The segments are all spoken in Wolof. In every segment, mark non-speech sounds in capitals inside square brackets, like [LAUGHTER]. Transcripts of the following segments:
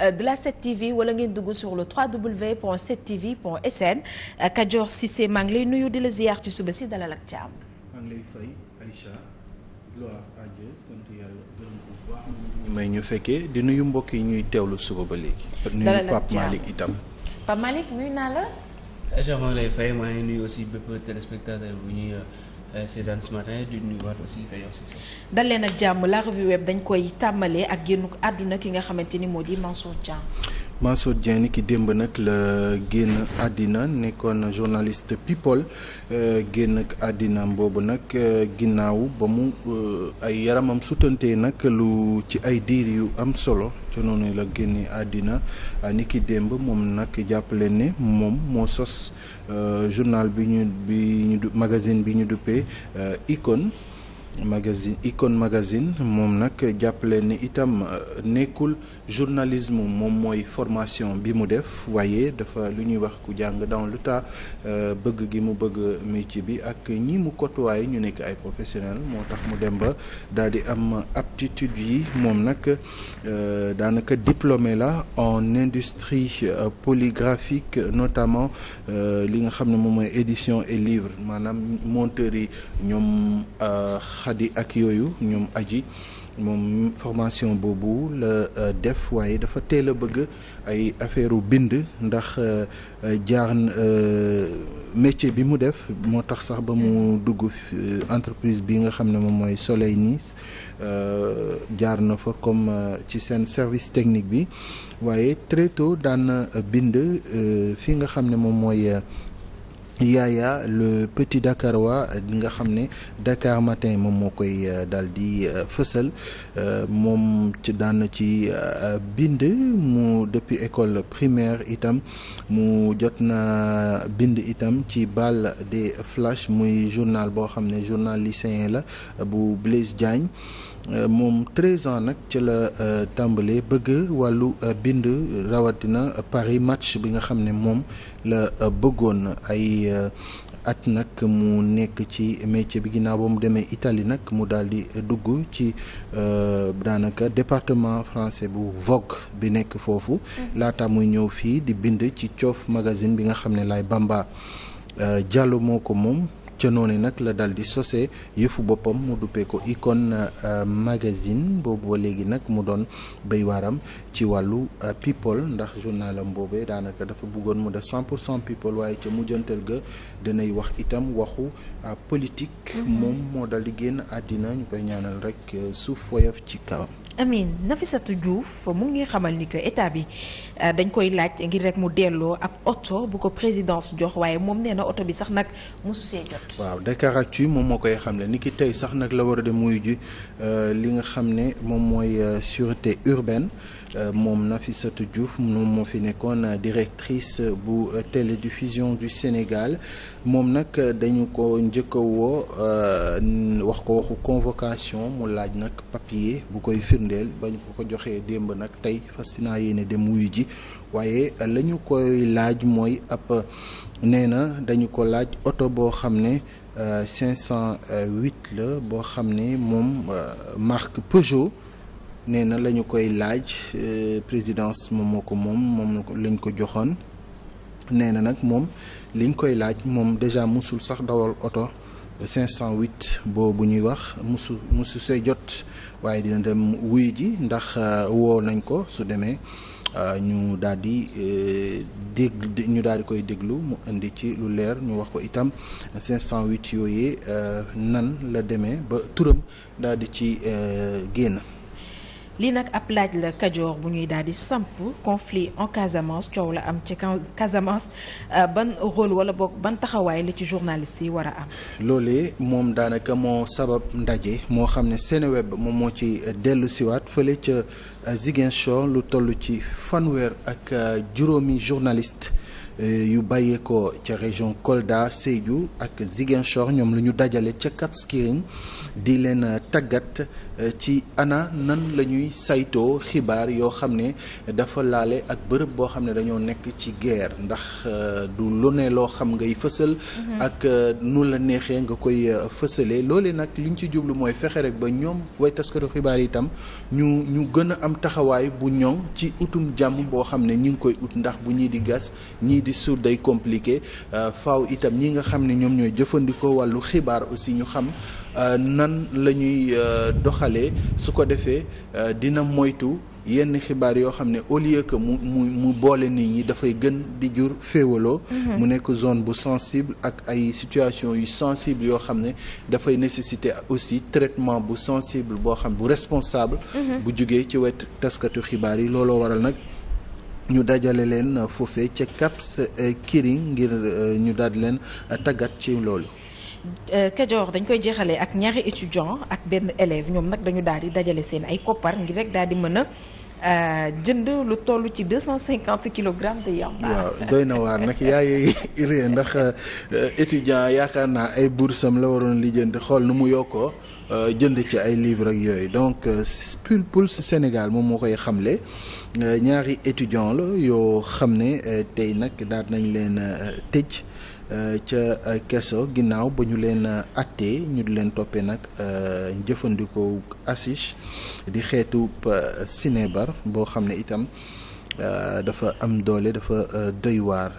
Euh, de la 7TV wala ngeen dugg sur le www.7tv.sn euh, Kadior Cissé maa ngi lay nuyu di la ziyaar ci suba si dalal ak jàmm. maa ngi lay fay Aïcha gloire à Dieu sant yàlla ñu may ñu fekkee di nuyu mbokk yi ñuy teewlu suba ba léegi. dalal ak nuyu Pape Malick itam. Pape Malick nuyu naa la. Aïcha maa ngi lay fay maa ngi nuyu aussi bépp téléspectateur bu ñuy. Euh, Euh, seetaan ce matin di nuyuwaat aussi Kayor Cissé. dal leen ak jàmm la revue web dañ koy tàmbalee ak génn àdduna ki nga xamante ni moo di Mansour Thiam. Mansour Dieng ni ki démb nag la génn àddina nekkoon journaliste people euh, génn ak àddina boobu nag euh, ginnaaw ba mu euh, ay yaramam sutantee nag lu ci ay diir yu am solo ci noonu la génne àddina ni ki démb moom nag jàppale ne moom moo sos journal bi ñu bi ñu magazine bi ñu duppee Icône magazine Icône magazine moom nag jàppale ni itam euh, nekkul journalisme moom mooy formation bi mu def waaye dafa lu ñuy wax ku jàng dans le tas euh, bëgg gi mu bëgg métier bi ak ñii mu côtoyé ñu nekk ay professionnel moo tax mu dem ba daal di am aptitude yi moom nag euh, daanaka diplômé la en industrie polygraphique notamment li nga xam ne moom mooy édition et livre maanaam monteur yi ñoom. xadi ak yooyu ñoom aji moom formation boobu la euh, def waaye dafa teel a bëgg ay affaire bind ndax euh, jaar euh, métier bi mu def moo tax sax ba mu dugg entreprise bi nga xam ne moom mooy Soleil Nice jaar na fa comme ci seen service technique bi waaye très daana daan bind fi nga xam ne moom mooy. Yaya le petit Dakarois nga xam ne Dakar matin moom moo koy euh, daal di euh, fësal euh, moom ci daan ci bind mu depuis école primaire itam mu jot na bind itam ci Bal des Flashs muy journal boo xam ne journal lycéen la bu Blaise Diagne moom 13 ans nag ci la tàmbalee bëgg wàllu bind rawatina Paris match bi nga xam ne moom. la euh, bëggoon ay euh, at nag mu nekk ci métier bi ginnaaw ba mu demee Italie nag mu daal di dugg ci euh, daanaka département français bu Vogue bi nekk foofu mhm. laata muy ñëw fii di bind ci coof magasine bi nga xam ne lay Bamba Diallo moo ko moom ca noonu nag la dal di sosé yëfu boppam mu duppee ko Icon euh, magazine boobu ba léegi nag mu doon bay waaram ci wàllu euh, people ndax journalam boobee daanaka dafa bëggoon mu def 100 pour cent people waaye ca mujjantal ga danay wax itam waxu euh, politique mm-hmm. moom moo dal di génn àddina ñu koy ñaanal rek suuf woyof ci kawam Amin Nafissatou Diouf mu ngi xamal ni que état bi euh, dañ koy laaj ngir rek mu delloo ab oto bu ko présidence jox waaye moom nee na oto bi sax nag mosu see jot. waaw Dakaractu moom moo koy xam xamle ni ki tey sax nag la war a dem muy ji euh, li nga xam ne moom mooy euh, sûreté urbaine. Euh, moom Nafissatou Diouf moom moo fi nekkoon euh, directrice euh, bu télédiffusion du Sénégal moom nag dañu ko njëkk a woo wax ko waxu convocation mu laaj nag papier bu koy firndeel bañ ko ko joxee démb nag tey fas naa yéene dem wuyu ji waaye la ñu koy laaj mooy ab nee na dañu ko laaj oto boo xam ne. cinq cent huit la boo xam ne moom marque Peugeot nee na la ñu koy laaj euh, présidence moom moo ko moom moom lañ ko joxoon nee na nag moom liñ koy laaj moom déjà mosul sax dawal oto 508 euh, boobu ñuy wax musu musu see jot waaye dina dem wuy ji ndax euh, woo nañ ko su demee ñu daal di dégg ñu daal di koy déglu mu indi ci lu leer ñu wax ko itam 508 yooyee nan la demee ba turam daal di ci génn. lii nag ab laaj la kajoor bu ñuy daal di samp conflit en Casamance coow la am ci Casamance euh, ban rôle wala boog ban taxawaay la ci journaliste yi war a am. loolee moom daanaka moo sabab ndaje moo xam ne Seneweb moom moo ci dellu siwaat fële ca euh, Ziguinchor lu toll ci fanweer ak euh, juróomi journaliste. yu bàyyeekoo ca région Kolda Sédhiou ak Ziguinchor ñoom la ñu dajale ca Cap di leen tàggat Euh, ci ana nan la ñuy saytoo xibaar yoo xam ne dafa laale ak bërëb boo xam ne dañoo nekk ci guerre ndax euh, du lu ne loo xam ngay fësal mhm. ak euh, nu la neexee nga koy fësalee loole nag liñ ci jublu mooy fexe rek ba ñoom way taskatu xibaar itam ñu ñu gën a am taxawaay bu ñoŋ ci utum jàmm boo xam ne ñi ngi koy ut ndax bu ñii di gas ñii di suur day compliqué faw itam ñi nga xam ne ñoom ñooy jëfandikoo wàllu xibaar aussi ñu xam Euh, nan la ñuy euh, doxalee su ko defee euh, dina moytu yenn xibaar yoo xam ne au lieu que mu mu mu boole nit ñi dafay gën di jur féewaloo mhm. mu nekk zone bu sensible ak ay situation yu sensible yoo xam ne dafay nécessité aussi traitement bu sensible boo xam bu responsable mhm. bu jugee ci wet taskatu xibaar yi looloo waral nag ñu dajale leen foofe ca Cap Skirring ngir ñu daal leen tàggat ci loolu Euh, Kajoor dañ koy jeexalee ak ñaari étudiant ak benn élève ñoom nag dañu daal di dajale seen ay koppar ngir rek daal di mën a euh, jënd lu toll ci deux cent cinquante kilogrammes de yamba. waaw doy na waar nag yaa ngi [LAUGHS] ree ndax euh, étudiant yaakaar naa ay boursam la waroon li jënd xool nu mu yokkoo jënd ci ay livres ak yooyu donc Pulse Sénégal moom moo koy xamle ñaari étudiant la yoo xam ne tey nag daal nañ leen tëj. Euh, ca euh, keso ginnaaw ba ñu leen euh, attee ñu di leen toppee nag jëfandikoo hashish di xeetu sinébar boo xam ne itam dafa am doole dafa doy waar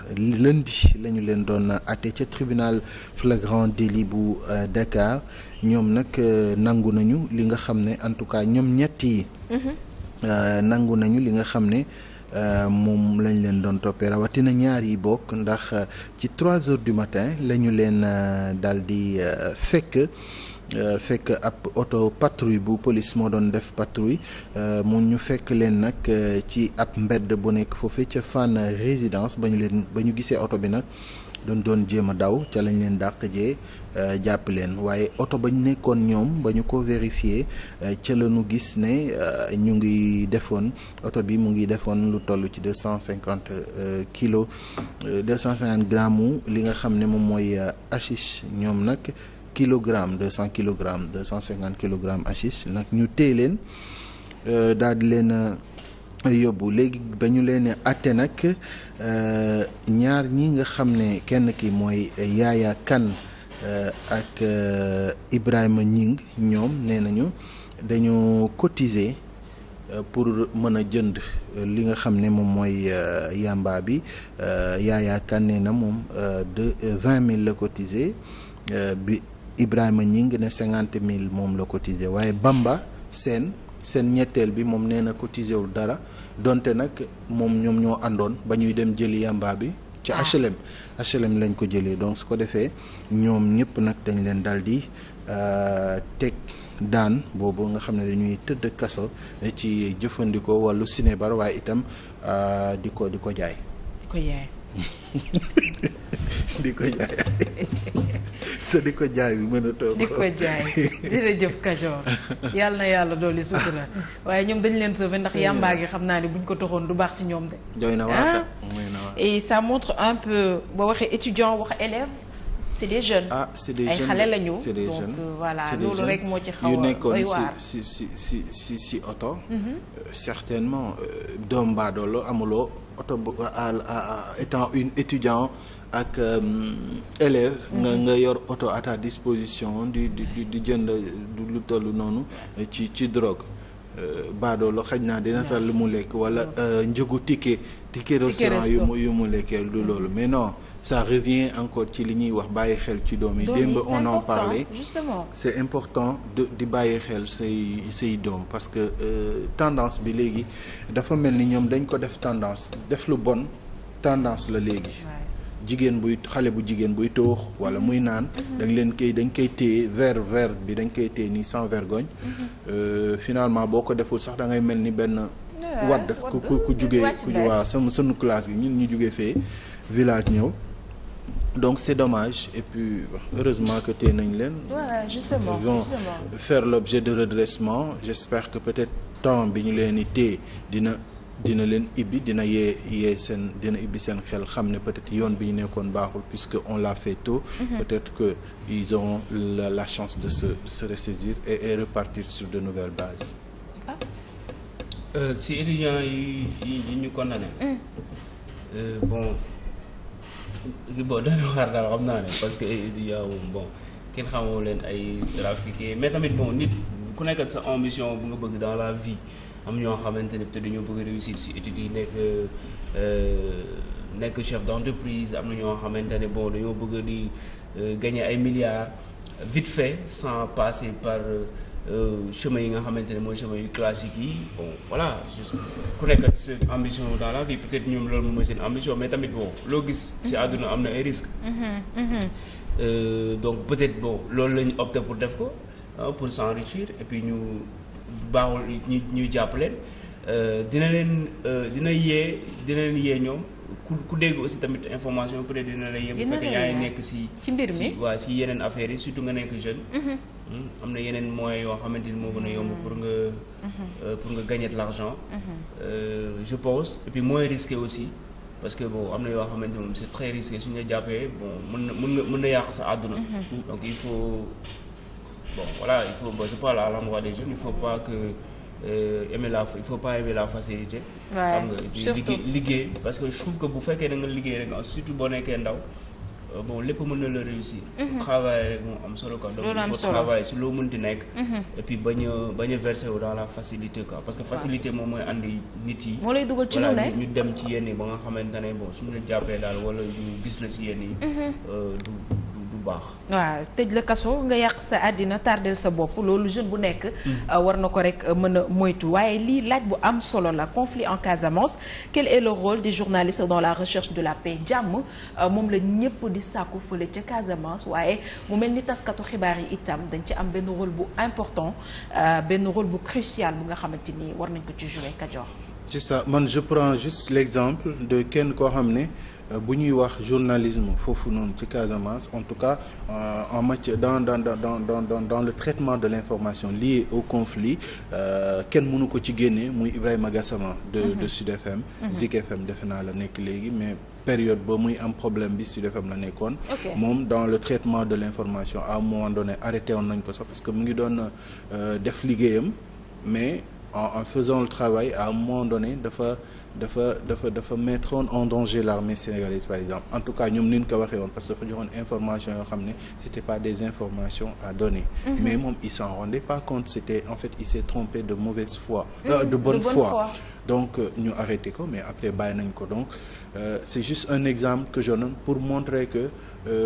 lundi la ñu leen doon atte ca tribunal flagrant délit bu Dakar ñoom nag nangu nañu li nga xam ne en tout cas ñoom ñett mm-hmm. nangu nañu li nga xam ne Euh, moom lañ leen doon toppee rawatina ñaar yi bokk ndax euh, ci trois heures du matin la ñu leen euh, daal di fekk fekk ab oto patrouille bu police moo doon def patrouille mu ñu fekk leen nag ci ab mbedd bu nekk foofee ca Fann résidence ba leen ba ñu gisee oto bi nag. doon doon jéem a daw ca lañ leen dàq jee euh, jàpp leen waaye oto ba nekkoon ñoom ba ñu ko vérifier euh, ca la ñu gis ne euh, ñu ngi defoon oto bi mu ngi defoon lu toll ci deux cent cinquante kilos deux cent cinquante grammes li nga xam ne moom mooy hashish ñoom nag kilogramme deux cent kilogrammes deux cent cinquante kilogrammes hashish nag ñu téye leen daal di yóbbu léegi ba ñu leen atte nag euh, ñaar ñi nga xam ne kenn ki mooy Yaya Kane euh, ak euh, Ibrahima Ñing ñoom nee nañu dañoo cotiser pour mën a jënd li nga xam ne moom mooy yamba bi Yaya Kane nee na moom de vingt mille la cotiser bi Ibrahima Ñing ne cinquante mille moom la cotiser waaye Bamba seen seen ñetteel bi moom nee na cotisé wul dara donte nag moom ñoom ñoo àndoon ba ñuy dem jëli yamba bi. ci HLM ah. HLM lañ ko jëlee donc su ko defee ñoom ñëpp nag dañ leen daal di euh, teg. daan boobu nga xam ne dañuy tëdd kaso ci jëfandikoo wàllu sinébar waaye itam di euh, ko di ko di ko jaay. [LAUGHS] [LAUGHS] di ko jaay sa [LAUGHS] di ko jaay bi mën a toog di ko jaay jërëjëf Kajoor [LAUGHS] yàlla na yàlla dooli sutura waaye ñoom dañ leen sauvé ndax yàmbaa gi xam naa ne buñ ko toxoon du baax ci ñoom de ah. doy na waar et ça montre un peu boo waxee étudiant wax élève c'est des jeunes ah c'est des jeunes ay xale lañu donc euh, voilà loolu rek moo ci xaw a yu nekkoon si si si si oto. Mhm. Euh, certainement euh, doom baadoo la amuloo oto bu étant une étudiant. ak euh, élève nga mhm. nga yor oto à ta disposition di di di jënd lu toll noonu ci ci drogue euh, baadoolo xaj naa dina tal lu mu lekk wala euh, njëgu ticket ticket restaurant yu mu yu mu lekkee du mhm. loolu mais non ça revient encore ci li ñuy wax bàyyi xel ci doom yi démb on en parlait justement c'est important de di bàyyi xel say say doom parce que euh, tendance bi léegi dafa mel ni ñoom dañ ko def tendance def lu bon tendance la léegi jigéen buy xale bu jigéen buy toox wala muy naan mhm. dañ leen koy dañ koy téye verre ver bi dañ koy téye nii sans vergogne mhm. euh, finalement boo ko deful sax da ngay mel ni benn wadd ku ku ku jugee ku waaw sama sunu classe gi ñun ñu jugee fee village ñëw donc c'est dommage et puis heureusement que té nañ leen justement vont faire l'objet de redressement j'espère que peut-être temps bi ñu leen di téye dina dina leen ibbi dina yee yee seen dina ibbi seen xel xam ne peut-être yoon bi ñu nekkoon baaxul puisque on l'a fait tôt mm-hmm. peut-être que ils auront la, la chance de se, de et, repartir sur de nouvelle base ah. euh, si étudiants yi yi ñu condamné ne mm. euh, bon doon [LAUGHS] waar daal xam naa ne parce que étudiants moom bon kenn xamoo leen ay trafiqué mais tamit bon nit ku nekk ak sa ambition bu nga bëgg dans la vie am ñoo xamante ne peut-être dañoo bëgg a réussir si études yi nekk euh, nekk chef d'entreprise am na ñoo xamante ne bon dañoo bëgg di euh, gagner ay milliards vite fait sans passer par euh, chemin yi nga xamante ne mooy chemin yu classique yi bon voilà juste ku nekk ak seen ambition dans la vie peut-être ñoom loolu mooy seen ambition mais tamit bon loo gis si mm-hmm. àdduna am na ay risques mm-hmm. Mm-hmm. donc peut-être bon loolu la ñu opté pour def ko ah, pour s'enrichir et puis ñu baaxul ñu ñuy jàpp leen euh, dina leen euh, dina yee dina leen yee ñoom ku ku dégg aussi tamit information peut être dina la yee. bu fekkee nekk si. ci mbir mi waaw si yeneen affaires yi surtout nga nekk jeune. Mhm. Hmm, am na yeneen moyens yoo xamante ni moo gën a yomb mhm. pour nga. Mhm. Euh, pour nga je pose et puis moins risqué aussi. parce que boo am na yoo xamante moom c' est très risqué suñu la jàppee bon mën na mën na mën sa àdduna. donc il faut. bon voilà il faut bon, je parle à l'endroit des jeunes il faut pas que euh, la il faut pas aimer facilité. xam nga liggéey parce que je que bu fekkee da nga liggéey rek surtout boo nekkee ndaw. Euh, bon lépp mën na la réussir. Mhm. travail rek moo am solo quoi. donc il faut travailler si loo mun mënti nekk. Mhm. et ba bañ a bañ a verser la facilité quoi parce que facilité moom mooy andi nit yi. moo lay ci lu ne ñu dem ci yenn yi ba nga xamante ne su suñu a jàppee daal wala ñu gis la si yenn yi. Mhm. Euh, du. baax. waaw tëj la kaso nga yàq sa àddina tardel sa bopp loolu jeune bu nekk. Mm-hmm. Euh, war na ko rek euh, mën a moytu waaye lii laaj bu am solo la conflit en Casamance quel est le rôle des journalistes dans la recherche de la paix jàmm euh, moom la ñëpp di sàkku fële ca Casamance waaye mu mel ni taskatu xibaar yi itam dañ ci am benn rôle bu important benn rôle bu crucial bu nga xamante ni war nañ ko ci jouer Kajoor. c'est ça man je prends juste l'exemple de kenn koo xam ne. Euh, bu ñuy wax journalisme foofu noonu ci Casamance en tout cas euh, en matière dans dans dans dans dans le traitement de l'information liée au conflit euh, kenn mënu ko ci génne muy Ibrahima Gassama de mhm. de Sud mhm. defe naa la nekk léegi mais période ba muy am problème bi Sud la nekkoon moom dans le traitement de l'information à un moment donné arrêté woon nañ ko sax parce que mu ngi doon def liggéeyam mais en en faisant le travail à un dafa dafa dafa dafa mettroon en danger l'armée sénégalaise par exemple en tout cas ñoom ni ñu ko waxee parce que dafa joxoon information yoo xam ne c'était pas des informations à donner mhm. mais moom il s'en rendait pas compte c'était en fait il s'est trompé de mauvaise foi euh, mhm. de bonne, foi. donc euh, ñu euh, ko mais après bàyyi nañ ko donc euh, c'est juste un exemple que je donne pour montrer que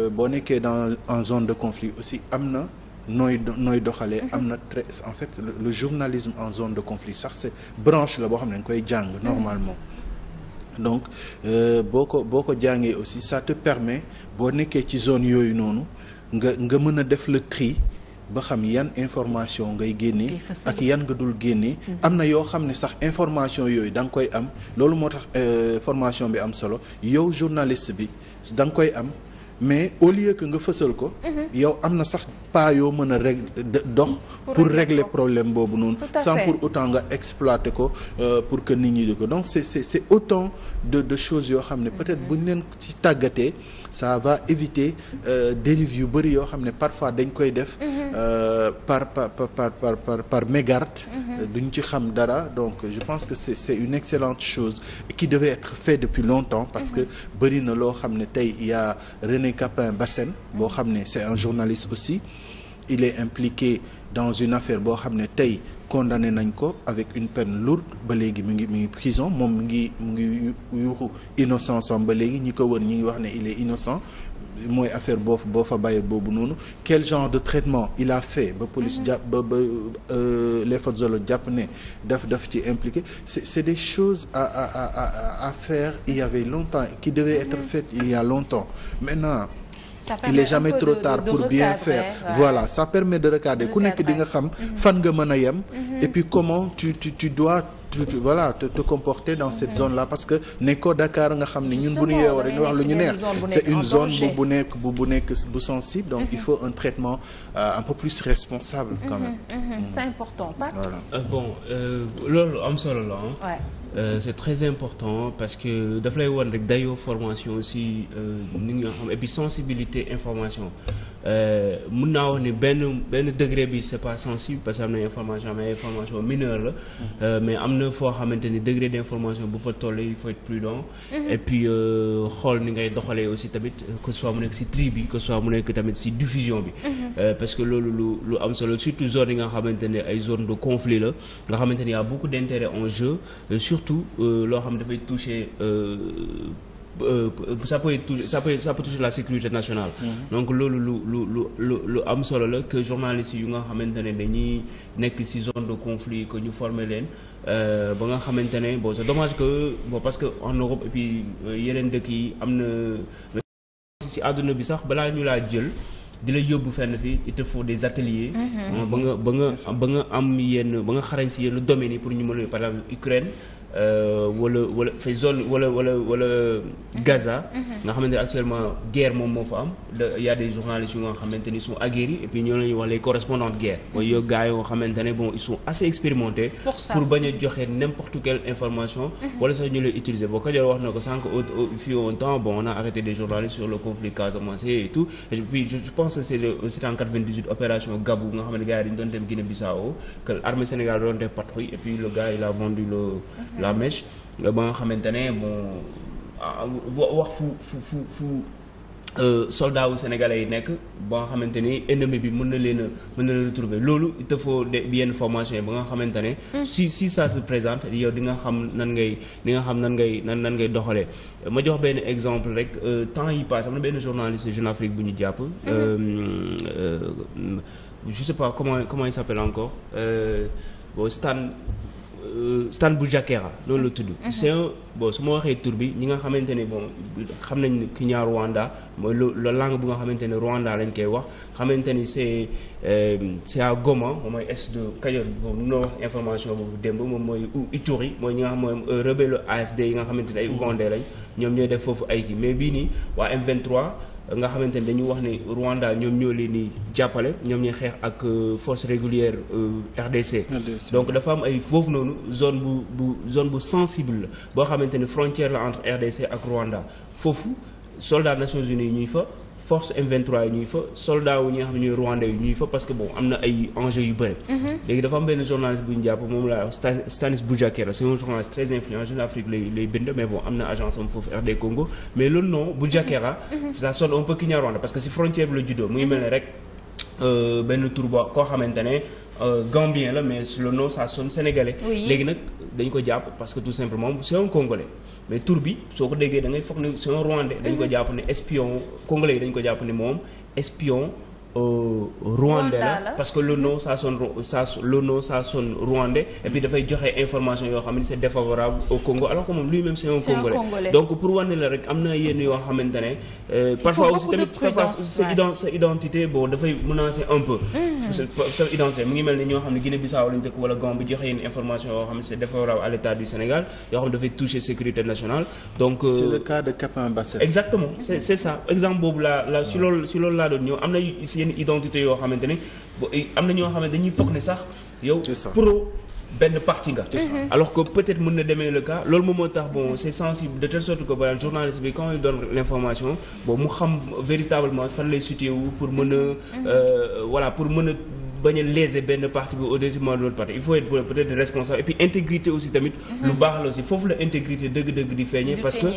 boo nekkee dans en zone de conflit aussi am na nooy nooy doxalee mhm. am na très en fait le, le journalisme en zone de conflit sax c'est branche la boo xam ne dañ koy jàng mhm. normalement donc euh, boo ko boo ko jàngee aussi ça te permet boo nekkee ci zone yooyu noonu nga nga mën a def le tri ba xam yan information ngay génnee ak yan nga dul génnee mhm. am na yoo xam ne sax information yooyu da nga koy am loolu moo tax euh, formation bi am solo yow journaliste bi da nga koy am mais au lieu que nga fësal ko. Mhm. yow am na sax pas yoo mën a reg dox. pour régler problème boobu noonu. sans pour autant nga exploiter ko euh, pour que nit ñi di ko donc c'est c'est c'est de de choses yoo xam ne peut-être mhm. buñ leen ci tàggatee. ça va éviter euh, dérive yu bëri yoo xam ne parfois dañ koy def. Mhm. Euh, par par par par par par mégarde. Mhm. Euh, duñ ci xam dara donc je pense que c'est c'est une excellente chose qui devait être fait depuis longtemps parce mhm. que bëri na loo xam ne tey il y a René Capin Bassène boo xam ne c'est un journaliste aussi il est impliqué dans une affaire boo xam ne tey. condamné nañ ko avec une peine lourde ba léegi mu ngi mu ngi prison moom mu ngi mu ngi yuuxu innocent sam ba léegi ñi ko wër ñi ngi wax ne il est innocent mooy affaire boo fa boo fa bàyyee boobu noonu quel genre de traitement il a fait ba police mm-hmm. jàpp ba ba euh, les forces de jàpp ne daf daf ci impliqué c'est c'est des choses à à à à faire il y avait longtemps qui devaient être mm-hmm. faites il y a longtemps maintenant il est jamais trop tard pour bien faire voilà ça permet de regarder ku nekk di nga xam mhm. fan nga mën a yem mhm. et puis comment tu tu tu dois tu, tu, voilà te, comporter dans cette mhm. zone là parce que nekkoo Dakar nga xam ne ñun bu ñu yeewoo dañuy wax lu ñu neex c'est une zone bu bu nekk bu bu nekk bu sensible donc il faut un traitement euh, un peu plus responsable quand même c'est important voilà euh, euh, la Euh, c'est très important parce que daf lay woon rek dayo formation aussi euh, nit ñi nga xam et puis sensibilité information Euh, mun naa wax ni benn benn degré bi c'est pas sensible parce que am na information mais information mineure la mm-hmm. euh, mais am na foo xamante ni degré d'information bu fa toll il faut être prudent mm-hmm. et puis euh, xool ni ngay doxalee aussi tamit que soit mu nekk si tri bi que soit mu nekk tamit si diffusion bi mm-hmm. parce que loolu lu lu am solo surtout zone yi nga xamante ne ay zone de conflit la nga xamante ni y a beaucoup d'intérêt en jeu surtout loo xam dafay toucher Euh, ça peut toucher ça peut ça peut toucher la sécurité nationale. Mm-hmm. donc loolu lu lu lu am solo la que journalistes yu nga xamante ne dañuy nekk ci zone de conflit ko ñu former leen euh, ba nga xamante ne bon c'est dommage que bon parce que en Europe et puis euh, yeneen dëkk yi am na. ci àdduna bi sax balaa ñu laa jël di la yóbbu fenn fii il te faut des ateliers. Mm-hmm. ba nga ba nga am yenn ba nga xarañ ci yenn domaines pour ñu mën a par exemple Ukraine. Euh, wala wala fa zone wala wala wala Gaza. Mhm. nga xamante ne actuellement guerre moom moo fa am y a des journalistes nga xamante ni sont aguerris et puis ñoo lañuy wax les correspondants guerre. mooy yow gars yoo xamante ne bon ils sont assez expérimentés. pour bañ a joxe n'importe quelle information. Mhm. wala sax ñu lay utiliser boo ko wax na ko sànq fii un temps bon on a arrêté des journalistes sur le conflit Casamance et tout et je pense c'est c'est en 98 opération ne gars yi dañu doon dem la mèche euh, ba nga xamante ne bon ah, wax fu fu fu fu euh, soldats wu sénégalais yi nekk ba nga xamante ni ennemi bi mun na leen a mën na leen retrouver loolu il te faut de yenn formation yi ba nga xamante ne mm. si si ça se présente yow di nga xam nan ngay di nga xam nan ngay nan nan ngay doxalee ma jox benn exemple rek euh, temps yi passe am na benn journaliste Jeune Afrique bu ñu jàpp mm-hmm. je sais pas comment comment il s'appelle encore bon Stan Euh, Stan Boujakera loolu la tudd. Mhm. c'est un bon su ma waxee tur bi ñi nga xamante ne bon xam nañ ki ñaar Rwanda mooy lu lo langue bu nga xamante ne Rwanda lañ koy wax xamante ni c'est euh, c'est à Goma mooy est de Kayor boobu munoo wax information boobu démb moom mooy Ituri mooy ñi nga xam mooy euh, rebelle AFD yi nga xamante ne ay Ougandais lañ ñoom ñooy def foofu ay kii mais bii nii waa M23. nga xamante ne dañu wax ni Rwanda ñoom ñoo leen di jàppale ñoom ñuy xeex ak euh, force régulière euh, RDC. donc dafa am ay foofu noonu zone bu bu zone bu sensible la boo xamante ni frontière la entre RDC ak Rwanda foofu soldats Nations Unies ñuy fa. force M23 yi ñuy fa soldats wu xam ne ñooy rwandais ñuy fa parce que am na ay enjeux yu bëri. Mhm. léegi dafa benn journaliste bu ñu jàpp moom laa Stanis Boujakera c'est un journaliste très influent Jeune Afrique lay lay bind mais bon am na agence foofu RD Congo mais le nom Boujakera. Mhm. Mhm. ça sonne un peu Kinyarwanda parce que si frontière bi la juddoo. mu ngi mel ne rek euh, benn tur boo koo xamante ne. Euh, gambien la mais le nom son sonne léegi nag dañ ko jàpp parce que tout simplement c'est un congolais. mais tur bi soo ko déggee da ngay foog ne c'est un ko mhm. jàpp ne espion congolais yi dañ ko jàpp ni moom espion. Euh, rwandais la parce que le nom ça sonne ça le nom ça sonne rwandais et puis dafay joxe information yoo xam ne c'est défavorable au Congo alors que moom lui-même c'est un am na yenn yoo xamante ne euh, parfois aussi tamit sa identité bon dafay menacer un peu mm. sa identité mu ngi mel ne ñoo xam ne Guinée-Bissau lañ dëkk wala Gambie joxe yenn information yoo xam ne c'est défavorable à l'état du Sénégal yoo xam ne dafay toucher sécurité nationale donc euh, exactement c'est ça exemple boobu la si loolu yenn identité yoo xamante ne eh, am na ñoo xam ne dañuy foog ne sax yow pro benn parti nga mhm. alors que peut-être mën na demee le cas loolu moom moo tax bon c'est sensible de telle sorte que voilà journaliste bi quand il donne l'information bon mu xam véritablement fan lay situé wu pour mën a mhm. euh, voilà pour mën a bañ a léser benn parti bi au détriment de l'autre parti il faut être peut-être responsable et intégrité aussi tamit mhm. lu baax la aussi foofu la intégrité dëgg-dëgg di feeñee parce que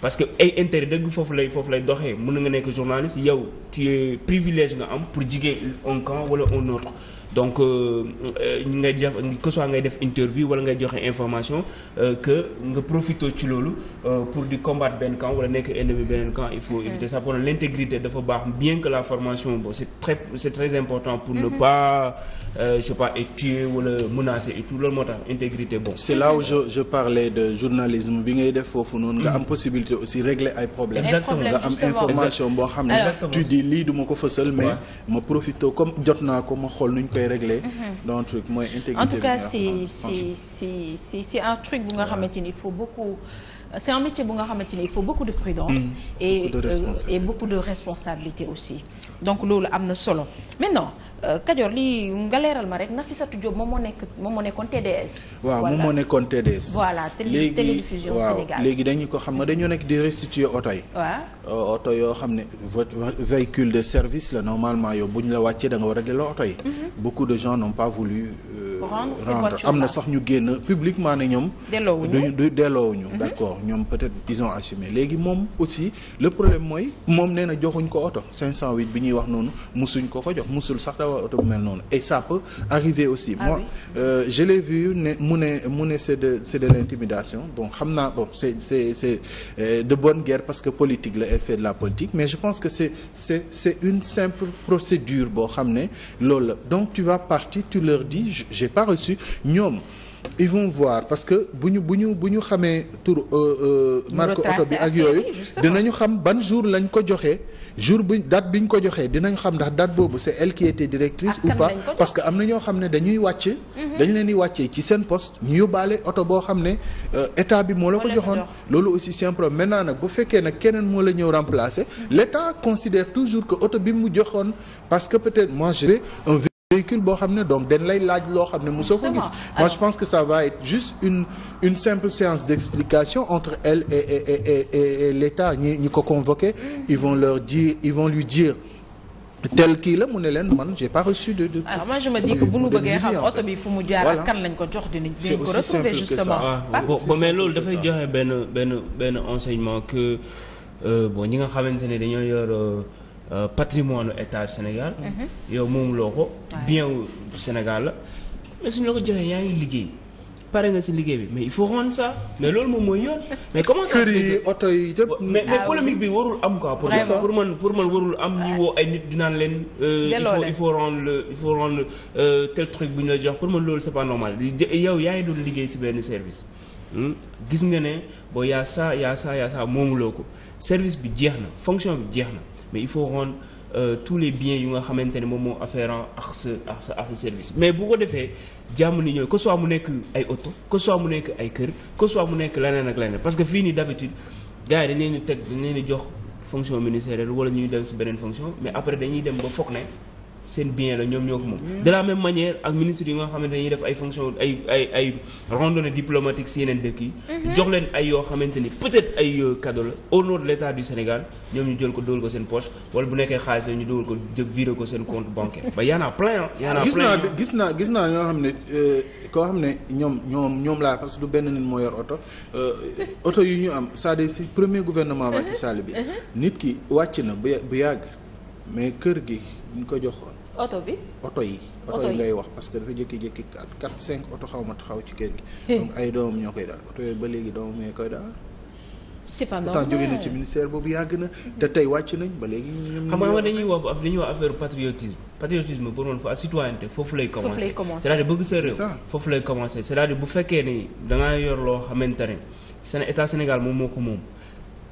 parce que ay intérêt dëgg foofu lay foofu lay doxee mën nga nekk journaliste yow tu privilège nga am pour jigee un camp wala un autre donc ñu euh, euh, ngay def que soit ngay def interview wala ngay joxe information euh, que nga profité ci loolu pour di combattre benn camp wala nekk ennemi beneen camp il faut éviter ça pour l'intégrité dafa baax bien que la formation bon c'est très c'est très important pour ne mhm. pas je sais pas être tué wala menacé et tout loolu moo tax intégrité bon c'est là où je parlais de journalisme bi ngay def foofu noonu nga am mhm. possibilité aussi régler ay problèmes nga am information boo xam ne tu dis lii du koy régler mhm. donc truc mooy intégrité en tout c'est un truc bu nga xamante ni il faut beaucoup c'est un métier bu nga xamante ni il faut beaucoup de prudence mm. et euh, beaucoup de responsabilité aussi donc loolu am na solo maintenant Euh, Kajoor lii nga leeral ma rek na sa Diop moom moo nekk moom moo nekkoon TDS. waaw moom moo nekkoon TDS. voilà télé télédiffusion Sénégal waaw léegi dañu ko xam nga dañoo nekk di restituer oto yi. waaw euh, oto yoo xam ne véhicule de service la normalement yow bu ñu la wàccee danga war a delloo oto yi. Mhm. beaucoup de gens n'ont pas voulu. Euh, rendre am na sax ñu génn publiquement ne ñoom du delloowuñu mhm. d' accord ñoom peut être ils ont assumé léegi moom aussi le problème mooy moom nee na joxuñ ko oto 508 bi ñuy wax noonu musuñ ko ko jox musul sax dawal oto bu mel noonu et sa peut arriver aussi ah moi euh, je l'ai vu ne mu ne mu ne c' de c' bon xam naa bon c' est c' est c' est euh, de bonne guerre parce que politique la effet de la politique mais je pense que c' est c' une simple procédure boo xam ne loolu la donc tu vas partir pas reçu ñoom ils voir parce que bu ñu bu ñu bu ñu xamee tur euh, euh, marque oto bi ak yooyu dinañu xam ban jour lañ ko joxee jour bu date bi ñu ko joxee dinañ xam ndax date boobu c'est elle qui était directrice ou pas parce que am na ñoo xam ne dañuy wàcc mhm. dañ leen di wàccee ci seen post ñu yóbbaale oto boo xam ne euh, état bi moo la ko joxoon loolu aussi c'est un problème maintenant nag bu fekkee nag keneen moo la ñëw remplacer mhm. l'état considère toujours que oto bi mu joxoon parce que peut-être moi véhicule boo xam ne donc denn lay laaj loo xam ne mosoo ko gis moi pense que ça va être juste une une simple séance d'explication entre elle et et l'État ñi ñi ko convoqué ils vont leur dire ils vont lui tel kii la mu ne leen man j'ai pas reçu de. de alors moi je me bu ñu bëggee xam oto bi fu mu jaar ak kan lañ ko jox dinañ. c'est aussi simple ah, dafay joxe benn benn benn enseignement que euh, bon ñi nga xamante ne dañoo yor. Euh, Euh, patrimoine état Sénégal. Mhm. yow moom loo ko. bien Sénégal la mais suñu la ko joxee yaa ngi liggéey. pare nga si liggéey bi mais il faut rendre ça mais loolu moom mooy yoon mais comment ça. kër yi ah, bi warul am quoi. pour pour man pour man warul am ñu woo ay nit dinaan leen. Euh, il faut il faut rendre il faut rendre euh, tel truc bu ñu la jox pour man loolu c'est pas normal yow yaa ngi doon liggéey si benn service. Hmm? gis nga ne bon yaa saa yaa saa yaa moomuloo ko service bi jeex na fonction bi jeex na. mais il faut rendre euh, tous les biens yu nga xamante ne moom moo afférent ak sa ak sa service mais bu ko defee jàmm ni ñooy que mu nekk ay oto que mu nekk ay kër que mu nekk leneen ak leneen parce que fii nii d'habitude gars yi dañ leen di teg dañ leen di jox fonction ministérielle wala ñuy dem si beneen fonction mais après dañuy dem ba foog ne seen bien la ñoom ñoo ko moom. de la même manière ak ministre yi nga xamante ne def ay fonction ay ay diplomatique si yeneen dëkk yi. Mhm. jox leen ay yoo xamante ni peut-être ay euh, cadeau la au nom de l'État du Sénégal ñoom ñu jël ko dóol ko seen poche wala bu nekkee xaalis ñu dóol ko jë viré ko seen compte bancaire ba y en a plein. y en a plein gis naa gis naa ñoo xam ne euh, koo xam ne ñoom ñoom ñoom laa parce que du benn nit moo yor oto euh, oto yu ñu am cest si premier gouvernement Macky mhm. Sall bi mhm. nit ki wàcc na bu yàgg mais kër gi ñu ko joxoon oto bi oto yi oto yi ngay wax parce que dafa jékki-jékki quatre cinq oto xaw ma taxaw ci kër gi [LAUGHS] donc ay doomam ñoo koy daal oto yooyu ba léegi doomam ñoo koy daal c'est pas normal pourtant ci ministère boobu yàgg na mm-hmm. te tey wàcc nañ ba léegi ñoom xam nga dañuy wax li ñuy wax affaire patriotisme patriotisme pour man fa citoyenneté foofu lay commencer cest à bëgg sa réew foofu lay commencer cest à bu fekkee ni dangaa yor loo xamante ne seen état Sénégal moom moo ko moom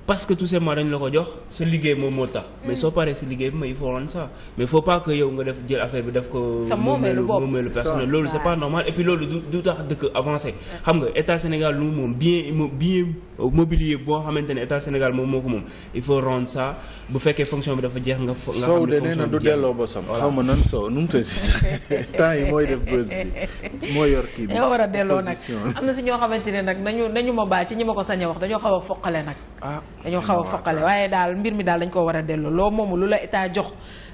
parce que tout simplement dañ la ko jox sa liggéey moom moo tax. mais soo paree si liggéey bi mais il faut rendre ça mais faut pas que yow nga def jël affaire bi daf ko. moomeelu moomeelu personnel loolu c'est pas normal et loolu du tax dëkk avancé. xam nga état Sénégal lu moom bien bien mobilier boo xamante ne état Sénégal moom moo ko moom il faut rendre ça bu fekkee fonction bi dafa jeex nga. nga xam ne fonction bi jeex Sow de nee na du delloo ba sam. xaw ma nan nu mu tëdd [LAUGHS] yi mooy def moo yor kii a delloo nag am na si ñoo xamante ne nag nañu dañoo xaw a foqale waaye daal mbir mi daal dañ koo war a delloo loo moom lu la état jox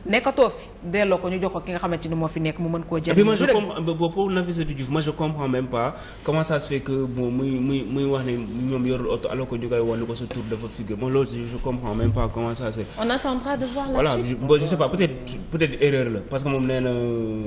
nekkatoo fi delloo ko ñu jox ko ki nga xamante ni moo fi nekk mu mën koo jël. mais je comprends pour Nafissatou Diouf moi pas comment ça se fait muy muy wax ne ñoom yorul oto alors que ñu koy wan ko sa tour dafa figure moom loolu je comprends même pas comment ça on attendra de voir la suite. je, bon, pas peut-être peut-être erreur la parce que moom nee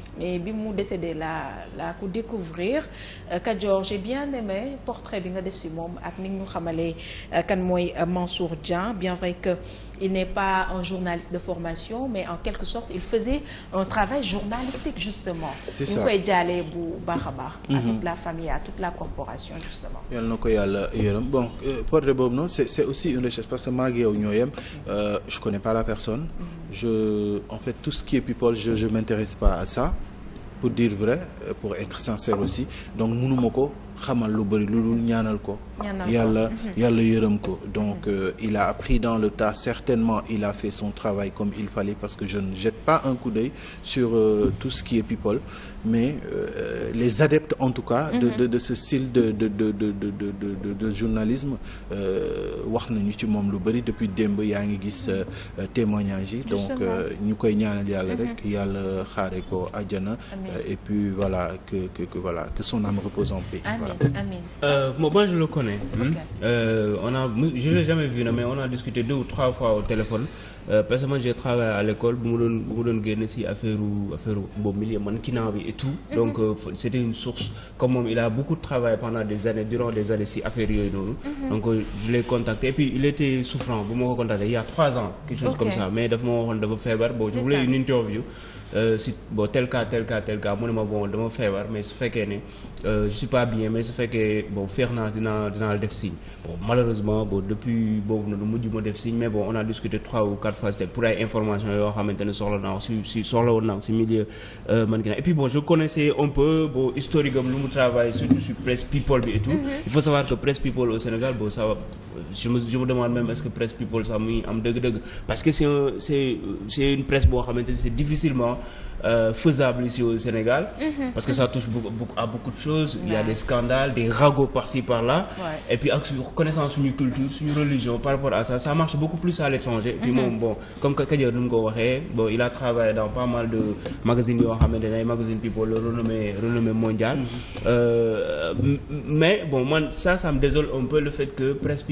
mais bi mu décédé laa laa ko découvrir euh, Kajoor j'ai bien aimé portrait bi nga def ci moom ak ni ñu xamalee euh, kan mooy euh, Mansour Dieng bien vrai que il n'est pas un journaliste de formation mais en quelque sorte il faisait un travail journalistique justement ñu bu baax a baax à mhm. toute la famille à toute la corporation justement yàlla na ko yàlla yërëm bon euh, porte boobu noonu c'est c'est aussi une recherche parce que maa ngi yow euh, je connais pas la personne mhm. tout ce qui est people je je m'intéresse pas à ça pour dire vrai euh, pour être sincère ah aussi donc mënuma ko xamal lu bëri lu dul ñaanal ko yàlla mhm. yàlla yërëm ko donc euh, il a appris dans le tas certainement il a fait son travail comme il fallait parce que je ne jette pas un coup d'œil sur euh, tout ce qui est people mais euh, les adeptes en tout cas de mhm. de, de ce style de de de de de de, de journalisme euh, wax nañu ci moom lu bëri depuis démb yaa ngi gis mhm. témoignage donc ñu koy ñaanal yàlla rek yàlla xaare ko àjjana et puis voilà que que son âme repose en paix Voilà. Amin. Euh, je le connais. Hmm? Euh, on a, je ne l'ai jamais vu, mais on a discuté deux ou trois fois au téléphone. Euh, parce que moi, j'ai à l'école, je me suis ici affaire affaire bon mhm. Donc, euh, c'était une source. Comme il a beaucoup travaillé pendant des années, durant des années, si affaire mhm. Donc, je l'ai contacté. Et puis, il était souffrant. Vous me contacté il y a trois ans, quelque chose comme ça. Mais il m'a fait bon, je voulais une interview. Euh, si bon tel cas tel cas tel cas mu ne ma bon dama feebar mais su fekkee ne euh, je suis pas bien mais su fekkee bon feex naa dinaa dinaa def signe bon malheureusement boo depuis boobu noonu mujj ma def signe mais bon on a discuté trois ou quatre fois te pour ay information yoo xamante ne soxla naa si si soxla woon naa si milieu euh, mannequinat et puis bon je connaissais un peu bon historique lu mu travaille surtout sur presse people bi et mm-hmm. il faut savoir que Sénégal bon ça je me je me demande même est-ce que presse people sax muy am dëgg-dëgg parce que c'est une presse boo xamante ni c'est difficilement euh, faisable ici au Sénégal. Mhm. parce que ça touche à beaucoup de choses. il y a des scandales des ragots par-ci par-là. et puis ak suñu connaissance suñu culture suñu religion par rapport à ça ça marche beaucoup plus à l'étranger. et puis mhm. comme Kajoor nu mu a de magazines yoo xamante ne ay le renommé renommé mhm. euh, mais bon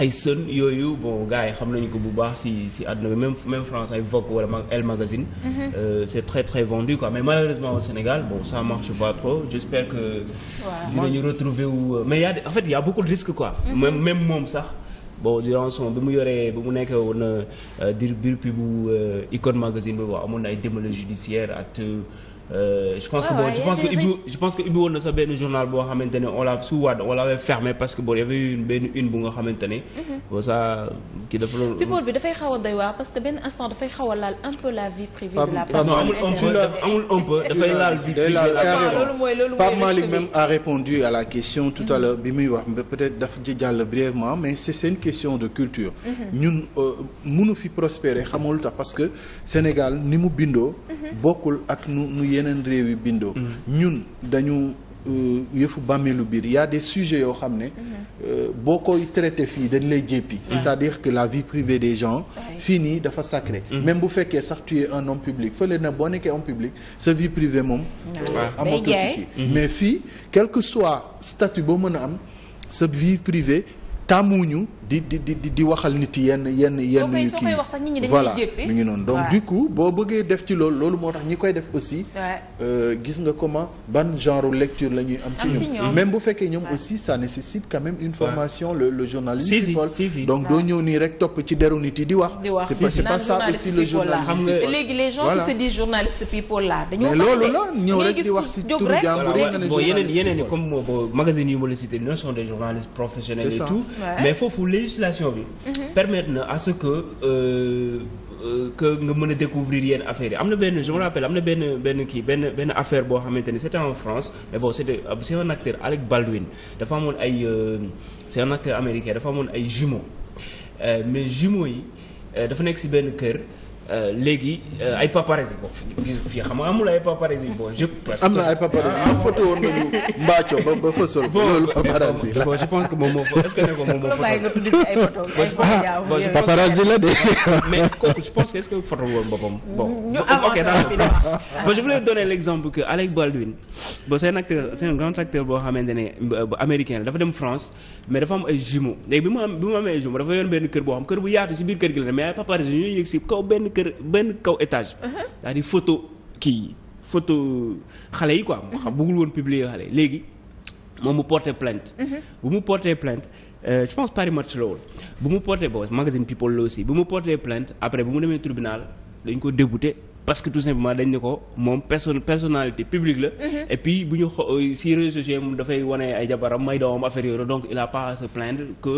ay sën yooyu bon gars yi xam nañu ko bu baax si si àdduna bi même même France ay Vogue wala El Magazine. c'est très très vendu quoi mais malheureusement au Sénégal bon ça marche pas trop j'espère que. waaw dinañu retrouver wu mais y a en fait y a beaucoup de risques quoi. même même moom sax. bon durant son bi mu yoree bi mu nekkee woon dir biir bu Icône Magazine bi waaw amoon na ay démêlés judiciaires at Euh, je pense que bon ouais, je, pense que Ibu, je pense que ubbi woon na sa benn journal boo xamante on l'a su waat on l'avait fermé parce que bon y avait eu benn mhm. parce que benn instant dafay xaw laal un peu la vie privée. de la personne amul un peu dafay a répondu à la question tout à mhm. l'heure bi muy wax peut-être daf ci jàll brièvement mais c'est une question de culture. Mhm. ñun euh, mënu fi prospérer xamul tax parce que Sénégal ni mu bindoo. bokkul ak nu nu yeneen réew yi bindoo mm-hmm. ñun dañu euh, yëfu bàmmeelu biir y a des sujets yoo xam ne mm-hmm. euh, boo koy traité fii dañ lay jéppi c'est-à-dire que la vie privée des gens fii nii dafa sacré mm-hmm. même bu fekkee sax tu un homme public fële na boo nekkee homme public sa vie privée moom amatul ci kii mais fii quel que soit statut boo mën a am sa vie privée tàmmuñu di di di di waxal nit yenn yenn yenn yu kii voilà mi ngi noonu donc du coup moo tax ñi koy def aussi euh, gis nga comment ban genre lecture la ñuy am ci ñoom même fekkee ñoom aussi ça si si si donc doo ñëw nii rek topp ci deru nit yi di wax c'est pas c'est pas ça aussi le journalisme léegi les gens qui se disent wax si turu jàmbur nga ne yeneen yeneen comme moo ma la cité non tout mais foofu législation bi. Mhm. permettre na à ce que. Euh, euh, que nga mën a découvrir yenn affaires yi am na benn je me rappelle am na benn benn kii benn benn affaire boo xamante ni c'était en France mais bon c'était euh, c'est un acteur Alec Baldwin dafa amoon ay euh, c'est un acteur américain dafa amoon ay jumeaux mais jumeaux yi dafa nekk si benn kër. Euh, léegi euh, ay paparazzi bon fii xam nga amul ay paparazzi bon je. parce que am na ay paparazzi ah, ah photo woon nañu mbaaco ba ba fësal. loolu paparazzi la bon je pense que moom moo est-ce que ne ko moom moo photo ay paparazzi la de. mais kooku je pense que est-ce que photo woon boppam. bon ok bon je voulais donner l'exemple que Alec Baldwin bon c'est un acteur c'est un grand acteur boo xamante ne américain la dafa dem France mais dafa am ay jumeaux léegi bi mu am bi mu amee jumeaux dafa yoon benn kër boo xam kër bu yaatu ci biir kër gi la mais ay paparazzi ñuy yëg ci kaw benn kër benn kaw étage. cest uh-huh. photo kii photo xale yi quoi. xam uh-huh. bëggul woon publier xale yi léegi moom mu porté plainte. Uh-huh. bu mu porté plainte euh, je pense Paris Match la woon bu mu porté boobu magazine People la aussi bu mu porté plainte après bu mu demee tribunal dañ ko débouté. parce que tout simplement dañ ne ko moom personne personnalité publique la. Mhm. et puis bu ñu xoo euh, si réseaux sociaux moom dafay wane ay jabaram may doomam affaire yooyu donc il a pas à se plaindre que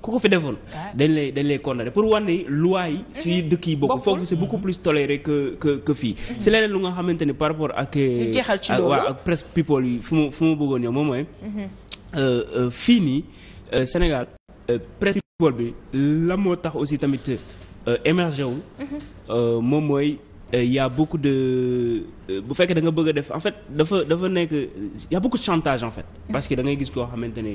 ku ko fi defoon. dañ lay dañ lay condamné pour wane ni loi yi. fii mhm. dëkk yi bokk foofu c'est beaucoup mhm. plus toléré que que fii. si leneen lu nga xamante ni par rapport ak. Euh, ñu people yi fu mu fu mu bëggoon yow moom mooy. Euh, fii nii Sénégal presse people bi la moo tax aussi tamit. Euh, émergé wul. Euh, moom mooy euh, y' a beaucoup de bu fekkee da nga bëgg a def en fait dafa dafa nekk y' a beaucoup chantage en fait. Mm. parce que da ngay gis koo xamante ne.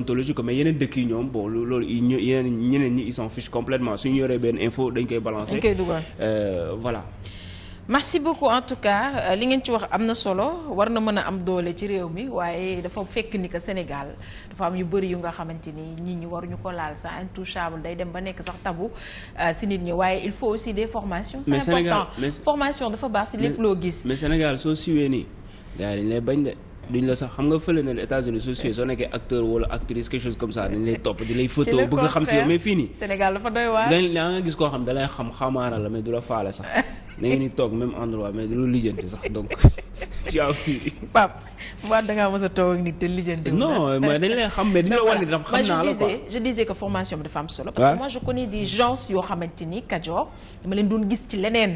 déontologie comme yeneen dëkk yi ñoom bon loolu yeneen ñeneen ñi ils s'en fichent suñu yoree benn info dañ koy balancer. dañ koy dugal euh, voilà. merci beaucoup en tout cas euh, li ngeen ci wax am na solo war na mën a am doole ci réew mi waaye dafa fekk ni que Sénégal dafa am yu bëri yu nga xamante ni nit ñi waruñu ko laal sax intouchable day dem ba nekk sax tabu euh, si nit ñi waaye il faut aussi des formations. c'est formation dafa baax si lépp loo gis. mais Sénégal soo duñu la sax xam nga fële ne États-Unis société soo nekkee acteur wala actrice quelque chose comme ça dañ lay topp di lay photo bëgg xam si yow mais fii nii. Sénégal dafa doy waar. dañ nga gis koo xam da lay xam xamaana la mais du la faale sax [LAUGHS] da ngeen toog même endroit mais du la lijjanti sax donc [LAUGHS] tu as vu. Pape waa da ngaa a nit te lijjanti. non mais dañ lay xam mais dañ la war ni tam xam naa la quoi. je disais solo. parce que moi je connais des gens yoo xamante ni Kajoor dama leen gis ci leneen.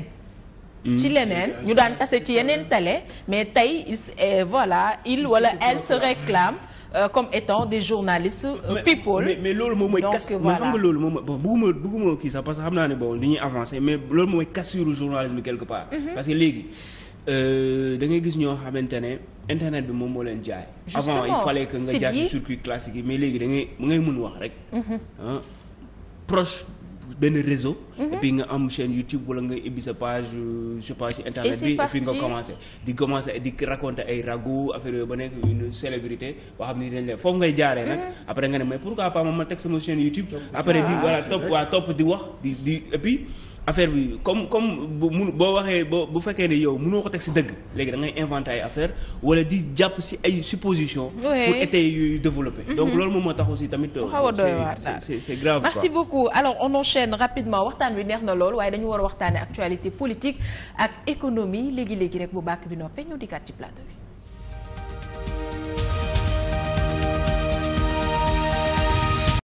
Mm. ci leneen ñu daan tase ci yeneen télé mais tey eh, voilà il wala elle se réclame euh, comme étant des journalistes euh, people mais loolu moom mooy kas xam nga loolu moom bon bugguma bugguma kii sax parce que xam naa ne bon dañuy avancer mais loolu moom mooy cassure journalisme quelque part mm-hmm. parce que léegi euh, da ngay gis ñoo xamante ne internet bi moom moo leen jaay avant il fallait que nga jaar ci circuit classique yi mais léegi da ngay ngay mën wax rek mm-hmm. ah, proche benn réseau. Mhm. et puis nga am chaîne YouTube wala nga ibbi sa page euh, je sais pas si internet bi. et puis nga commencé di commencé di raconter ay ragots affaire yooyu ba nekk une célébrité boo xam ne dañ leen foofu ngay jaaree nag. Mhm. après nga ne mais pourquoi pas ma teg sama chaîne YouTube. après di ah, voilà topp waa topp di wax di di et affaire bi comme comme bu mun boo waxee boo bu fekkee ne yow mënoo ko teg si dëgg léegi da ngay inventé ay affaire wala di jàpp si ay supposition pour étayer yuy développé mm-hmm. donc loolu moom moo tax aussi tamit c'est c'est grave alors on enchaîne rapidement waxtaan wi neex na lool waaye dañu war waxtaane actualité politique ak économie léegi-léegi rek bu bàkk bi noppee ñëw dikkaat ci plateau bi